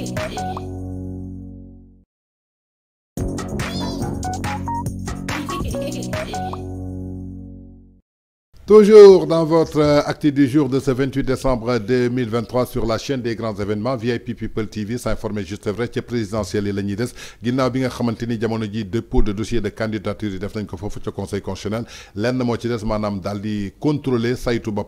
Thank you. Toujours dans votre euh, acte du jour de ce 28 décembre 2023 sur la chaîne des grands événements VIP People TV s'informer juste vrai que présidentielle et la ñuy des Khamantini, bi dépôt de dossier de candidature il def nañ ko conseil constitutionnel lenn Motides, ci des contrôlé contrôler saytu ba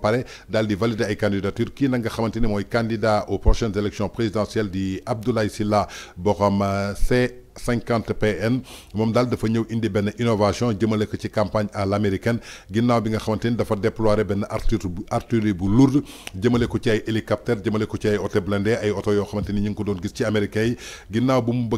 Dali valider ay candidature qui n'a nga xamante candidat aux prochaines élections présidentielles di Abdoulaye Silla borom euh, c'est 50 PN moom Dal dafa ñëw indi ben innovation jëmale ko ci campagne à l'américaine ginnaw bi nga xamanteni ni dafa déployer ben artillerie bu lourde jëmale ko ci ay hélicoptère jëmale ko ci ay oto blindé ay auto yo xamanteni ñing ko doon gis ci américains yi bu mu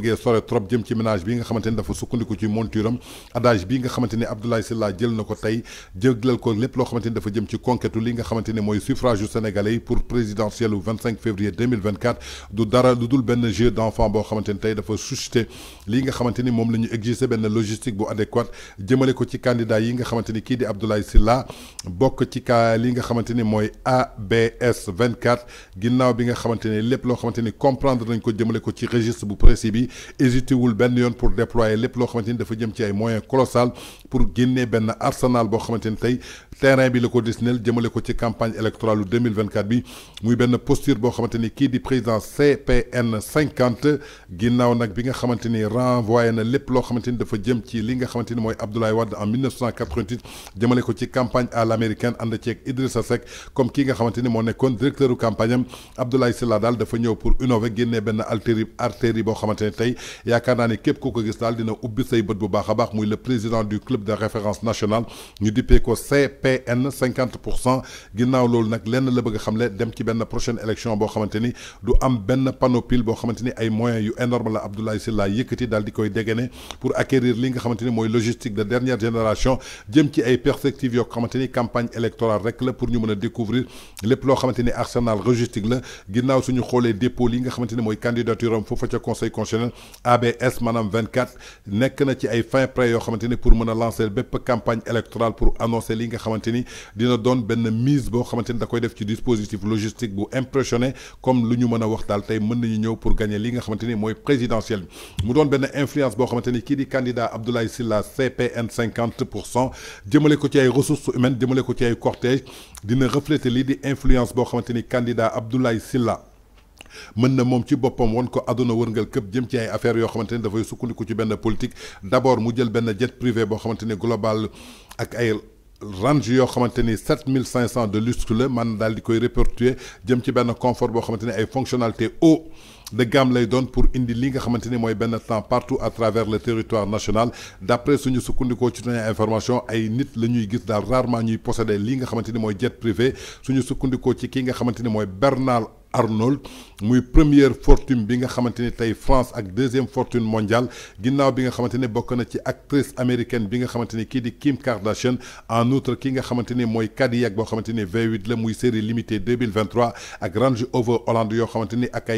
trop jëm ci ménage bi nga xamanteni ni dafa sukkandiku ci monturam adage bi nga xamanteni Abdoulaye Sylla jël na tay jëglal ko lepp lo xamanteni ni dafa jëm ci conquête li nga xamanteni moy suffrage au sénégalais pour présidentiel au 25 février 2024 du dara lu dul benn jeu d'enfant bo xamanteni tay dafa li nga xamanteni mom lañu la exiger logistique bu adéquate jëmale ko ci candidat yi nga xamanteni ni di Abdoulaye Silla, bok ci ka li nga xamanteni ni ABS 24 ginnaw bi nga xamanteni ni lo xamanteni ni comprendre nañ ko jëmale ko ci registre bu précis bi hésiter wul ben yoon pour déployer lepp lo xamanteni ni dafa jëm ci ay moyens colossal pour génnee ben arsenal bo xamanteni ni terrain bi la ko disneel ko ci campagne électorale 2024 bi muy ben posture bo xamanteni ni di président CPN 50 ginnaw nak bi nga xamanteni ni renvoyé na lepp lo xamanteni dafa jëm ci li nga xamanteni moy Abdoulaye Wade en 1988 de ko ci campagne à l'américaine and ci Idrissa Seck comme qui nga xamanteni mo moo directeur campagne am Abdoulaye Sylla dal dafa ñëw pour innover génnee ben altéri artérie bo xamanteni tay tey yaakaar naa ni képp ku ko gis dal dina ubbi say bu baax le président du club de référence nationale ñu dippee ko CPN 50 pour cent ginnaaw loolu nag lenn la bëgg xam dem ci prochaine élection bo xamanteni du am ben panopile bo xamanteni moyen ay moyens yu énorme la Abdoulaye Sylla yëkkati dal di koy dégainer pour acquérir li nga xamanteni logistique de dernière génération jëm ci ay perspectives yo xamanteni campagne électorale rek le pour ñu mëna découvrir les plans xamanteni arsenal logistique le ginnaw suñu xolé dépôt li nga xamanteni moy candidature am foofa ci conseil constitutionnel ABS Madame 24 n'est na ci ay fin prêt yo pour mëna lancer bép campagne électorale pour annoncer li nga xamanteni donne dina doon ben mise bon xamanteni da koy def ci dispositif logistique bu comme lu ñu mëna wax pour gagner li nga xamanteni présidentielle donne ben influence bo xamanteni ki di candidat Abdoulaye Sylla CPN 50 pour ko ci ay ressources humaines jëmale ko ci ay cortège dina refléter l'idée di influence bo xamanteni candidat Abdoulaye Sylla mën na moom ci boppam won ko aduna wërngal këpp jëm ci ay affaires yoo xamante ni dafay sukkandiku ci benn politique d'abord mu jël benn jet privé boo xamante global ak ay range yo xamanteni 7500 de lustre le man dal di koy répertorier jëm ci ben confort bo xamanteni ay fonctionnalités haut de gamme lay donne pour indi li nga xamanteni moy ben temps partout à travers le territoire national d'après suñu sukundiko ci suñu information ay nit lañuy ñuy gis daal rarement ñuy posséder li nga xamanteni moy jet privé suñu sukundiko ci ki nga xamanteni moy Bernard Bernal. Arnold muy première fortune bi nga xamanteni tay France ak deuxième fortune mondiale ginnaw bi nga xamanteni ci actrice américaine bi nga xamanteni ki di Kim Kardashian en outre ki nga xamanteni moy Cadillac bo xamanteni V8 la muy série limitée 2023 ak Range Rover Hollande yo xamanteni ak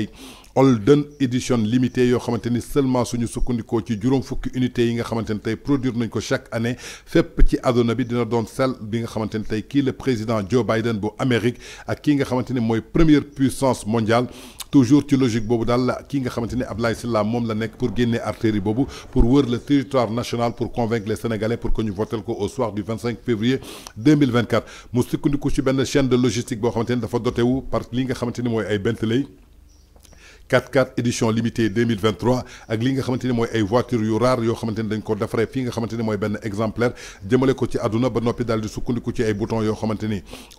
Olden édition limitée yo xamanteni seulement suñu sukkandikoo ci juroom fukki unités yi nga xamanteni tay produire nañ ko chaque année fépp ci àdduna bi dina doon sel bi nga xamanteni tay ki le président Joe Biden bu Amérique ak ki nga xamanteni moy première puissance mondiale toujours ci logique bobu dal la nga xamanteni Abdoulaye Sylla mom la nek pour gagner artère bobu pour wër le territoire national pour convaincre les Sénégalais pour que ñu votel ko au soir du 25 février 2024 mu sukkandiku ci ben chaîne de logistique bo xamanteni dafa doté wu par li nga xamanteni moy ay Bentley 4 4 édition limitée 2023 ak li nga xamante ni ay voitures yu raar yoo xamante ni dañ ko defaree fii nga xamante ni mooy benn exemplaire jëmale ko ci àdduna ba noppi daal di sukkandiku ci ay boutons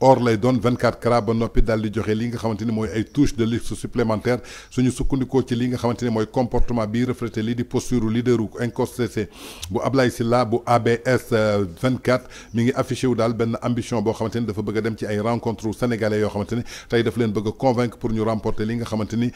or lay doon 24 carats ba noppi daal di joxe li nga xamante ni ay touches de luxe supplémentaires. suñu sukkandikoo ci li nga xamante ni comportement bi reflété lii di posture leader u incontesté bu Ablaye Sylla bu ABS 24 euh, mi ngi affiché ou daal ambition Bo xamante ni dafa bëgg a dem ci ay rencontre sénégalais yoo xamante ni tey daf leen bëgg convaincre pour ñu remporter li nga xamante ni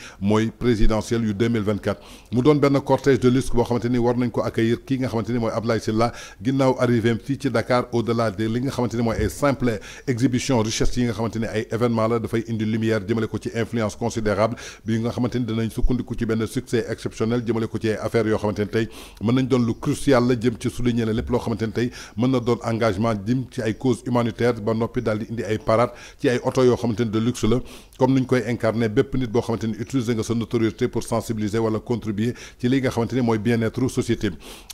présidentielle yu 2024 mu doon ben cortège de luxe bo xamanteni war nañ ko accueillir ki nga xamanteni ni Abdoulaye Silla ginnaw arrivé fi ci Dakar au delà de li nga xamanteni moy ay simple exhibition richesse yi nga xamanteni de ay événement la fay indi lumière jëmele ko ci influence considérable bi nga xamante ni dinañ sukkandiku ci ben succès exceptionnel jëmele ko ci affaire yo xamanteni tay ni mën nañ doon lu crucial la jëm ci souligner lepp lo xamanteni tay ni mën na doon engagement dim ci ay causes humanitaires ba nopi dal di indi ay parade ci ay auto yo xamanteni de luxe le comme nuñ koy incarné bép nit bo xamanteni utiliser son notoriété pour sensibiliser wala contribuer ci li nga xamanteni moy bien-être société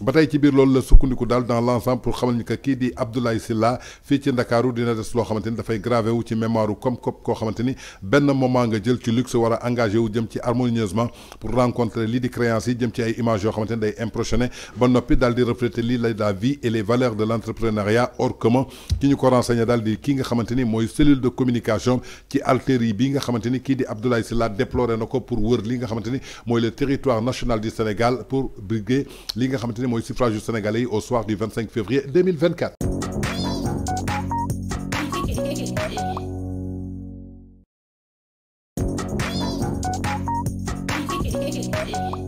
batay ci bir loolu la sukkandiku dal dans l'ensemble pour xamal ni que ki di Abdoulaye Silla fi ci dakarou dina des lo xamanteni da fay gravé wu ci mémoire ou comme cop ko xamanteni ben moment nga jël ci luxe war engagé wu jëm ci harmonieusement pour rencontrer li di créance yi jëm ci ay images yoo day impressionné ba nopi dal di refléter li la vie et les valeurs de l'entrepreneuriat or comment commun ki ñu ko renseigné dal di ki nga xamanteni moy cellule de communication ci altérie bi nga xamanteni ki di Abdoulaye Silla déploré nako ko pour wër li le territoire national du Sénégal pour briguer li nga xamanteni moy sénégalais au soir du 25 février 2024.